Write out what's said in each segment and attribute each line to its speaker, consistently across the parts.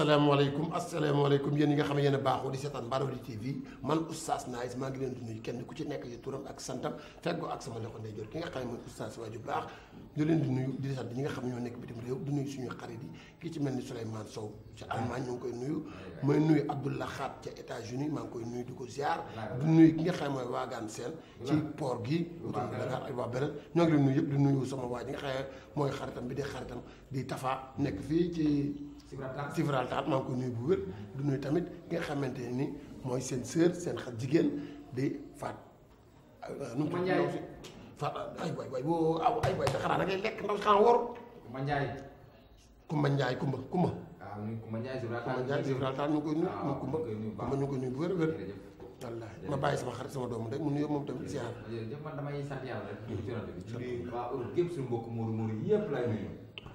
Speaker 1: asalaamaaleykum asalaamaaleykum yéen yi nga xam ne yéen a baaxoo di seetaan Marodi TV man oustaz Nice maa ngi leen di nuyu kenn ku ci nekk ci turam ak santam fekk ko ak sama loxo ndeyjoor ki nga xam ne mooy baax ñu leen di nuyu di sant ñi nga xam ñoo nekk bitim réew di nuyu suñu mel ni Souleymane Sow ci Allemagne ñu ngi koy nuyu mooy nuyu Abdoulah Khat ca États-Unis maa ngi koy nuyu di ko di nuyu ki nga mooy waagaan seen ci port gi utam waa beneen ñoo ngi leen nuyu yëpp di nuyu sama waa ji nga xam ne mooy xaritam bi di xaritam di Tafa nekk fii ci Sibral Taat maa ngi nuyu bu wér du nuyu tamit ki nga xamante ne ni mooy seen sœur seen xar jigéen di faat nu mu tudd faat ay ay waay da xanaa da ngay lekk ndax xanaa wor ah, ñu ngi koy nuyu ah, moom Kumba Kumba ñu ngi koy nuyu bu wér wér ma bàyyi sama xarit sama doomu mu nuyoo moom tamit ziar man damay sant yàlla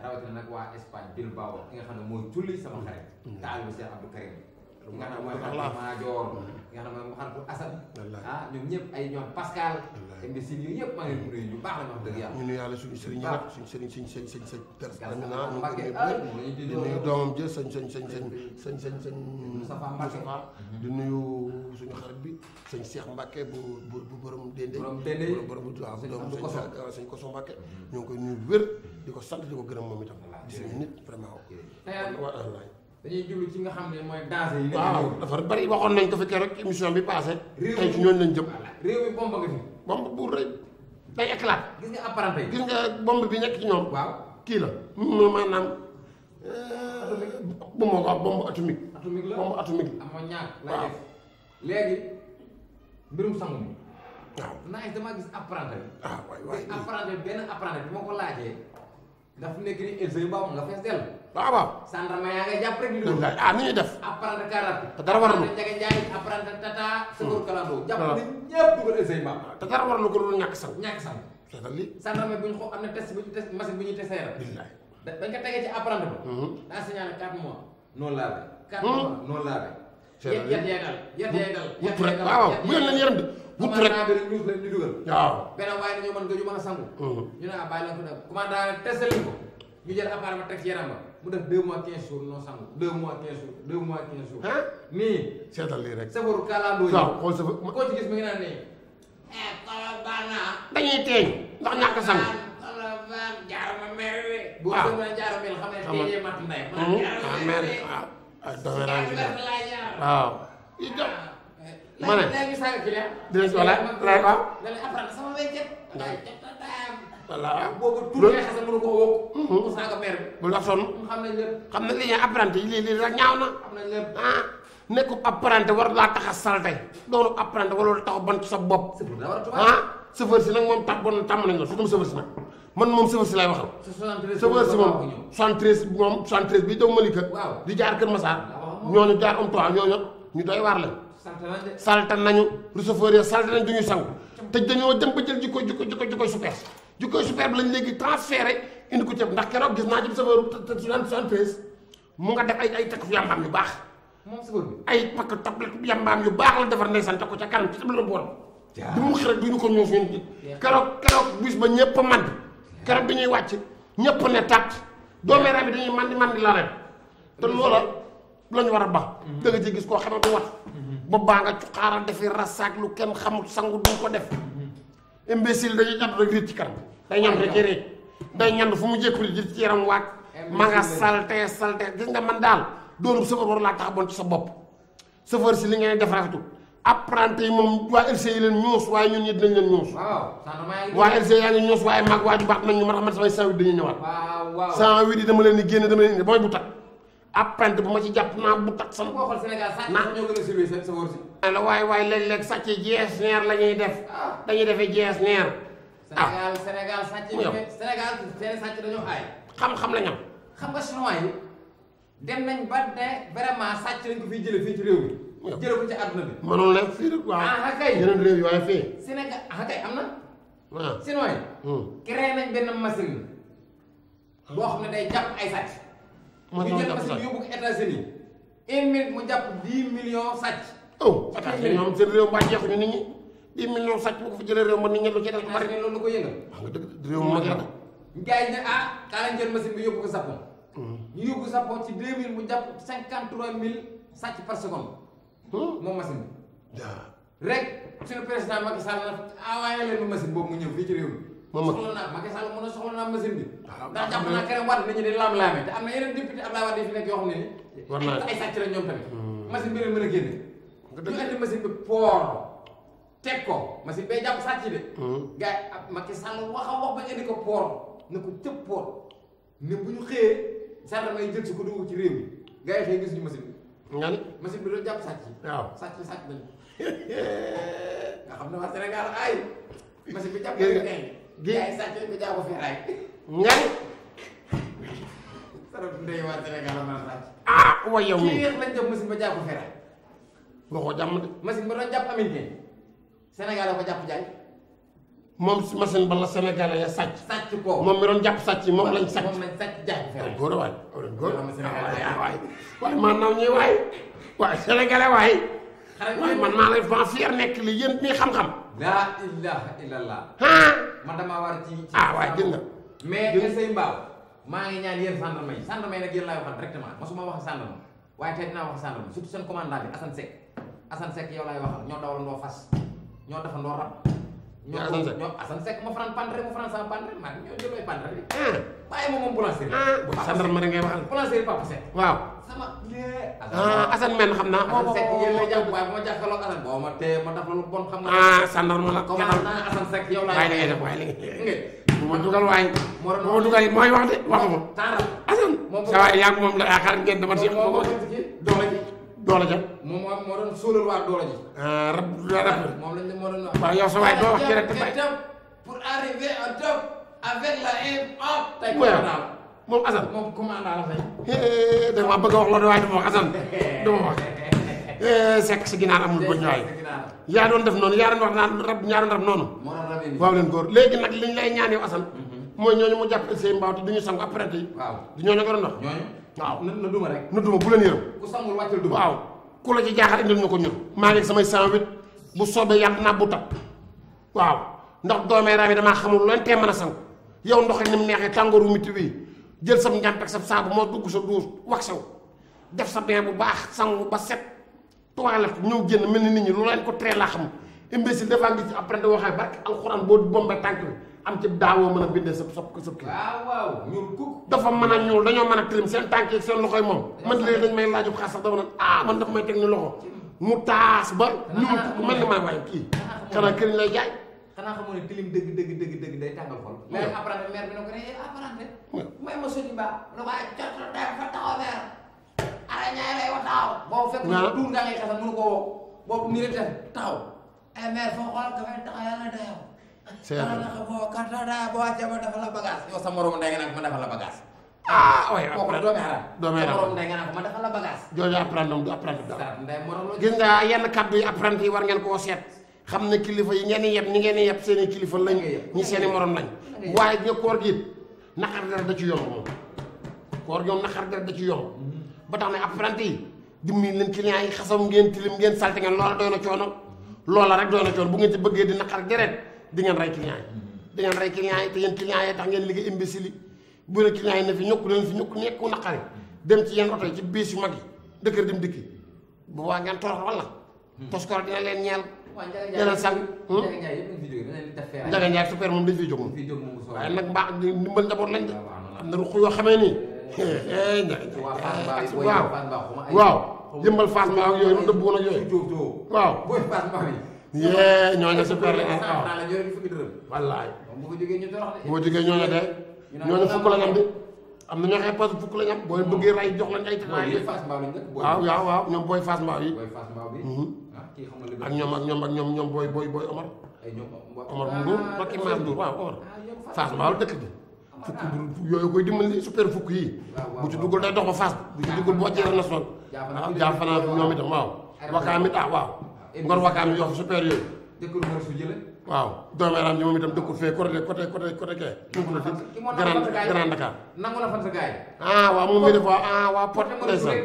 Speaker 1: rawatina nag waa Espagne Bilbao ki nga xam ne mooy julli sama xarit. te àll bi Cheikh Abdou Karim. nga xam mooy Fatma Maajoor nga xam mooy Mouhamadou Assane ah ñoom ñëpp ay ñoom Pascal indi si yooyu yëpp maa ngi leen di ñu baax la wax dëgg yàlla ñu ne yàlla suñu sëriñ ñi nag suñu sëriñ suñ sëñ sëñ sëñ pers maintenant ñu ngi di nuyu doomam jël sëñ sëñ sëñ sëñ sëñ sëñ Moustapha Mbacke di nuyu suñu xarit bi sëñ Cheikh Mbacke bu bu bu borom dende borom dende borom waaw doom sëñ Koso Mbacke mhm. ñoo ngi koy nuyu wér di ko sant di ko gërëm moom itam di suñu nit vraiment waaw dañuy jublu ci nga xam ne mooy danger yi. waaw dafa bari waxoon nañ ko fi keroog émission bi passé tey ci ñooñu lañ jëm. réew mi bomb nga fi. bomb bu rëy day éclat. gis nga apparenté gis nga bomb bi nekk ci ñoom. waaw kii la moom maanaam. bu ma wax la bombe atomique. amoon ñaar lay def léegi mbirum sangu mi. waaw naa dama gis apparenté. ah waay waay apparenté benn apparenté bi ma ko laajee. ndax fu nekk nii émission boobu nga fees dellu. waaw waaw. sàndarma yaa ngi jàpp rek di dugg. ah ni ñuy def. apprendre karaté. te dara waralu apprendre jaga jaay apprendre tata. sukkur kalando. jàpp ne ñëpp dugal émission ñàkk sax. ñàkk sax. seetal li. sàndarma bu ñu xoo am na test bu ñu test machine bu ñuy testé yaram. bilaay dañ ko tegee ci apprendre ko. Mm-hmm. daa signalé 4 mois. noonu laa mm-hmm. rek. 4 mois noonu laa rek. seetal li yet yet yaa ngi dal yet yaa ngi dal. yet yaa ngi dal waaw waaw mu yëg leen wut rek commandant bi rek luus leen ñu dugal waaw benn waaye dañoo mën gëju mën a sangu ñu ne ah bàyyi ko nag commandant ne ko ñu jël appareil ba teg ci yaram ba mu def deux mois quinze jours non sangu mois jours mois jours rek waaw ci gis mi ngi eh kolo bana dañuy teeñ ndax ñàkk sangu kolo ban jaarama mer wi bu ko mën a jaarama mel xam ne teeñee mat mer waaw ma ne dina wala la waaw voilà boobu tur ngay xasal mënu ko wokk mu saaga mère bu la sonn xam nañ lépp xam nañ li apprenti lii lii rek ñaaw na xam nañ ah apprenti war apprenti wala tax ban sa bopp ah chauffeur si nag moom tax bon tàmm nañ la surtout chauffeur si nag man moom chauffeur si lay waxal chauffeur si moom 73 moom 73 bi doom Malika di jaar Kër Massar ñooñu jaar am toile ñooñu ñu doy waar saltan nañu receveur ya saltal duñu sangu te dañoo dem ba jël jikko jikko jikko jikko super jikko super bi lañ léegi transféré indi ko ci ndax kéroog gis naa ci receveur te ci lan pes mu nga def ay ay yu ay tablet yambaam yu baax la defar ndeysaan ko ca kanam ci tablet bu bon mu xira duñu ko ñëw fii kéroog kéroog bis ba ñëpp dañuy mandi mandi la rek te loola lañ war a ba mhm. da nga ci gis koo wat ba baa nga cuqaara defi rasaak lu kenn xamul sangu duñ ko def imbécile dañuy jàpp rek réet ci kanam day ñam rek réet day ñand fu mu jéppali jël ci yaram waat ma nga salte salte gis nga man daal doonu sëfër war laa tax bon ci sa bopp sëfër si li ngeen def rafetul apprenti yi moom waa LC yi leen ñuus waaye ñun ñi leen ñuus waa LC yaa ngi ñuus waaye mag waa ñu ma tax man samay cent dañuy ñëwaat cent huit yi dama leen di génne dama leen indi booy bu tag apprenti bu ma ci jàpp naa bu tax sama. boo xool Sénégal sàcc ñoo a suivi sa wóor si. la waaye waaye léeg-léeg sàcc jees neer la ñuy def. Ah. dañuy defee jees neer. ah Sénégal Sénégal sàcc Sénégal seen sàcc dañoo aay. xam-xam la xam nga chinois dem nañ ba ne vraiment sàcc lañ ko fiy jëlee fii ci réew mi. ko ci àdduna bi. mënoon la fii rek waaw ah kay yeneen réew yi ah kay am na. waaw ah. chinois hmm. nañ benn machine. Ah. boo xam ne day jàpp ay sàcc. man noonu la ko sàcc yóbbu ko États-Unis une minute mu jàpp dix millions sàcc. oh ñoom seen réew mbaa jeexuñu nit ñi dix millions sàcc bu ko fa jëlee réew ma nit ñi lu ko yëngal. wax ah, nga dëgg réew ma yàgg. yi ne ah kaa lañ jël machine bi yóbbu ko Japon. Hmm. ñu yóbbu Japon ci deux mille mu jàpp cinquante trois mille sàcc par seconde. Hmm. moom machine bi. rek suñu président Macky Sall envoyé leen machine boobu mu ñëw fii ci réew mi. moom mag soxla na Macky Sall mën a soxla naa machine bi ndax jàpp naa keneen war nañu masih laam laame te am na masih député Abdoulaye Wade yi fi nekk yoo xam ne ni war naa ay sàcc la ñoom tamit machine bi leen mën a génne ñu andi machine bi poor teg masih machine bay jàpp sàcc de gars yi ab Macky Sall wax masih wax ba indi ko poor na ko tëb poor ne bu ñu xëyee gendarme yi jël si ko dugg ci réew mi gars yi xëy gis ñu machine bi nga ne machine bi doon jàpp sàcc yi waaw sàcc sàcc nañu nga xam ne waa Sénégal ay machine bi jàpp nañu géej ay sàcc nañ ko jaamu fi raay. nga ni. saratu ah wa yow. ba jàpp aminte ko jàpp moom machine ba la Sénégal ya sàcc. sàcc ko moom mi doon jàpp sàcc moom lañ sàcc. moom lañ sàcc jaamu a waaye maanaam waaye waaye man maa lay fan fier nekk li yéen mi xam-xam. laa ilaha illallah. man damaa war ci. ci ah waay gën na mais yéen say mbaaw maa ngi ñaan yéen gendarme yi gendarme yi nag yéen laay waxal directement masuma wax gendarme waaye tey dinaa wax gendarme surtout seen commandant bi Assane Seck Assane Seck yow laay waxal ñoo dawal ndoo fas ñoo defandoo rab ñoo asan sek mau Seck moo mau Pandré sama Pandré man ñoo jëloy Pandré. bàyyi ma moom Boulangerie. ah gendarmerie ngay waxal. Boulangerie asan? Seck. sama. Iya. ah Assane men xam naa. Assane Seck yéen lay jàpp waaye bu ma jàkkaarloo Assane boo ma tee ma def lu bon xam nga. ah gendarme la ko ma mau naa mau Seck yow laa. waaye da ngay def waaye li bu doole ja moom moo doon sóolal waa doole ji rab rab moom lañ moo doon wax waaw yow sa waay doo wax ci rek te pour arriver au top avec la aim up tey commandant moom Assane moom commandant la fay da ma bëgg a wax loolu waaye dama wax Assane dama wax sekk si ginaar amul bëñ waay yaa doon def noonu yaa doon wax naan rab ñaa doon rab waaw leen góor léegi nag liñ lay ñaan yow Assane mooy mu jàpp seen mbaaw duñu sangu après tey du ñooñu doon wax ñooñu Wow, na duma bu leen yërëm ku sangul wàccul duma waaw ku la ci jaaxal indil na ko ñun ngi samay 108 bu soobee yàlla naa bu tap waaw ndax doomee raam yi xamul leen tee mën sang yow ndox ni mu neexee tàngooru miti jël sam njàmpeg sa saabu moo dugg sa duus wax sew def sa bain bu baax sangu ba set toilette nit ñi lu leen ko xam imbécile ngi ci après barke am ci daawoo mën a bindee sa sopp ko sëb kii. waaw dafa mën a ñuul dañoo mën a tilim seen tànk seen man léegi dañ may laajub xaas sax dama naan ah man dafa may teg ni loxo. mu taas ba ñuul kuk mel ni maa waaye kii. xanaa këriñ lay jaay. xanaa xamoo ne tilim dëgg dëgg dëgg dëgg day tàngal xol. mais apprenti maire bi na ko ne eh apprenti. mooy ma sëñ Ba. lu ko ay jot a day fa taxaw eh, xool mo kantata bo jaba dafa la bagage yow sa morom ndey nga nak ma dafa la bagage ah way ko do doomi haram doomi haram morom ndey nga nak ma dafa la bagage jojo apprendre du apprendre dara ndey morom gis nga yenn kaddu yi apprendre yi war ngeen ko mhm. seet xam ne kilifa yi ngeen yeb ni ngeen yeb seen kilifa lañ ñi seen morom lañ waaye ñu koor gi naqar dara da ci yomb moom koor ñoom naqar dara da ci yomb ba tax rek doy na bu ngeen ci bëggee di naqar deret di ngeen rey client yi. di ngeen rey client yi te yéen client yi tax ngeen liggéey imbécile yi bu ne client yi ne fi ñukk leen fi ñukk nekku naqari dem ci dikki bu waa ngeen torox wala. Hmm. toskor dina leen ñeel. waaw Ndiaga Ndiaye hmm? yëpp Ndiaga Ndiaye super moom dañ fiy jóg moom. waaye nag mbaax ndimbal njaboot lañ de. am na ruq yoo xamee nii. Eh, eh, eh, waaw waaw yëmbal Fass Mbao ak yooyu dëbb woon ak yooyu. waaw. yee ñooñu su perte en wallaay. boo jógee ñooñu de. ñooñu fukk la ñam am na ñoo xam pas fukk la ñam. boo bëggee rey jox leen ay. waaw waaw waaw ñoom booy Fass Mbao yi. Mhm. Ah, ak ñoom ak ñoom booy booy booy Omar. Omar Ndour Macky Mass Ndour ah, waaw Omar. Ah, Fass Mbao dëkk yi. bu ci duggul day dox ba Fass ah waaw ngor wakaam yox super yooyu dëkkul ngor su jële waaw doomeeraam ji moom itam dëkkul fee côté côté côté côté kee Grand Dakar nangu na fan sa gaay ah waaw moom mii def waaw ah waa pot ndeysaan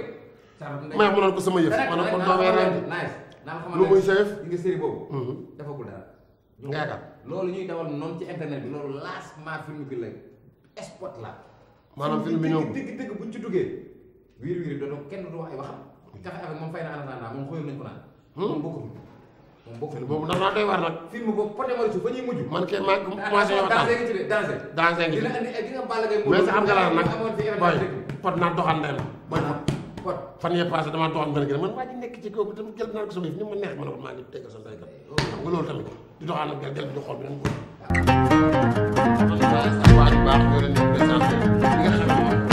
Speaker 1: may mu noon ko sama yëf maanaam kon doomeeraam ji sa yëf nga série boobu mm-hmm. defagul dara nga yaakaar ñuy dawal noonu ci internet bi loolu laas maa film bi la la maanaam bi ñëw dëgg dëgg buñ ci duggee wiir wiir doo kenn du wax ay waxam café avec moom fay na anasana moom xóoyal nañ ko Hmm? moom bokkul moom bokkul boobu nag naa doy war nag. film boobu poté mooy suuf ba ñuy mujj. man kay maa a yow daal dansé dansé ngi mais a xam nga la nag booy pot naa doxal ndey la booy ah, pot fan yee passé damaa doxal benn gën man waa ji nekk ci kaw bi tamit jël naa ko sama neex ma ne maa ngi tegal sa ndeykat oh, xam nga loolu tamit di doxal nag jël di xool bi dañ ko. waaw. di présenté li nga xam ne